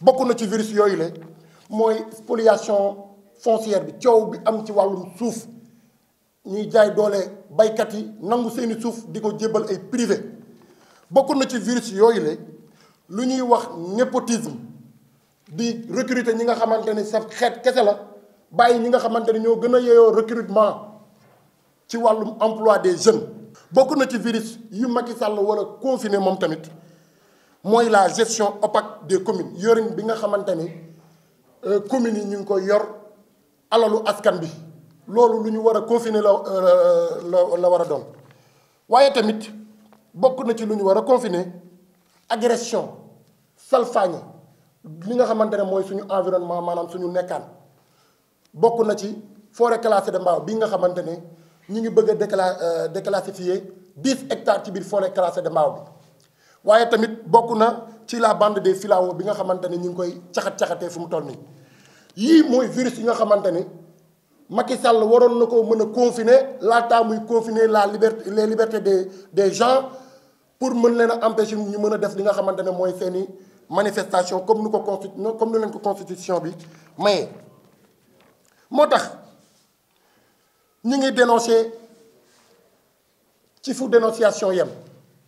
Beaucoup de ci virus yooyu moy spoliation foncière bi coow bi am ci wàllum suuf ñuy jaay doole baykat yi nangu seeni suuf di ay privé Beaucoup de ci virus yooyu la lu ñuy wax népotisme di recruter ñi nga xamante quest sa xeet kese la bàyyi ñi nga xamante ne ñoo gën a recrutement ci wàllum emploi des jeunes Beaucoup de ci virus yu Macky Sall war confiné tamit mooy la gestion opaque des communes yorin bi nga xamante ni euh, communes yi ñu ngi koy yor alalu askan bi loolu lu ñu war a confiner euh, la la war a doon waaye tamit bokk na ci lu ñu war a confiner agression salfaañe li nga xamante ne mooy suñu environnement maanaam suñu nekkaan bokk na ci forêt classée de Mbao bi nga xamante ne ñu ngi bëgg a décla euh, déclassifier dix hectares ci biir forêt classée de Mbao bi waye tamit bokuna ci la bande des filaos bi nga xamanteni ñing koy caxat-caxatee fu mu toll nii yii mooy virus yi nga xamanteni ni Macky Sall waroon na ko mën a confiner muy confiner la liberté les libertés des des gens pour mën leena empêcher ñu mën def li nga xamanteni moy mooy manifestation comme nu ko comme nu leen ko constitution bi maye motax tax ngi dénoncé ci fu dénonciation yem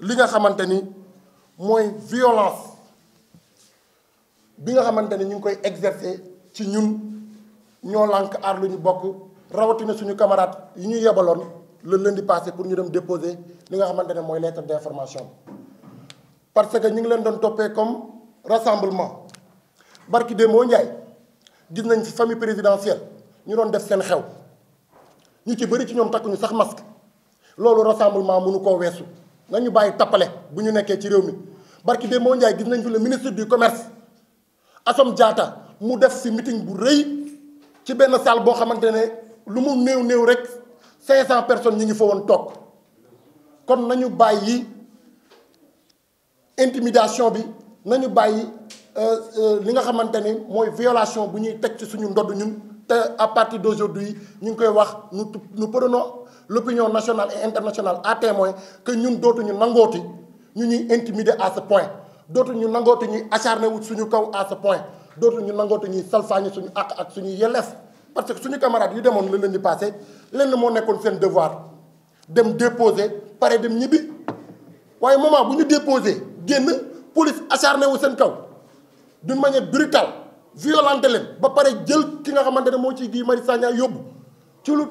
li nga xamanteni mooy violence bi nga xamantene ñu ngi koy exercer ci ñun ñoo lank ar luñu ñu bokk rawatina suñu camarade yi ñu yebalon le lundi passé pour ñu dem déposer li nga xamantene moy lettre d'information parce que ñu ngi leen doon topé comme rassemblement barki démboo Njaay gis nañ ci famille présidentielle ñu doon def seen xew ñu ci bari ci ñoom takkuñu sax masque lolu rassemblement mënu koo weesu nañu bàyyi tapalé bu ñu nekké ci réew mi barki de moo Ndiaye gis nañ fi le ministre du commerce Assome Diatta mu def ci meeting bu reuy ci benn salle bo xamante ne lu mu néew néew rek 500 personnes ñi ngi fo won toog kon nañu bayyi intimidation bi nañu bayyi euh, euh li nga xamante moy violation bu ñuy teg ci suñu ndodd ñun te à partir d'aujourd'hui ñu koy wax nous nous prenons l'opinion nationale et internationale à témoin que ñun dootu ñu nangoti nous nous intimider à ce point d'autres nous nangootu ñuy acharné à ce point d'autres ñu nangootu à ce suñu ak suñu parce que suñu camarades yu demoon di passé devoir dem déposer pare dem ñibbi moment bu ñu déposer la police acharné wu seen kaw d'une manière brutale violente leen ba pare jël ki nga pas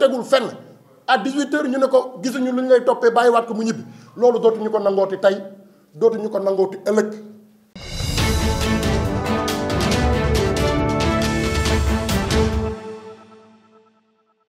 ne à 18h ñu ne ko gisuñu luñ lay topé bayi wat ko mu ñibbi lolu dootu ñuko nangoti tay dootu ñuko nangoti ëlëk thank you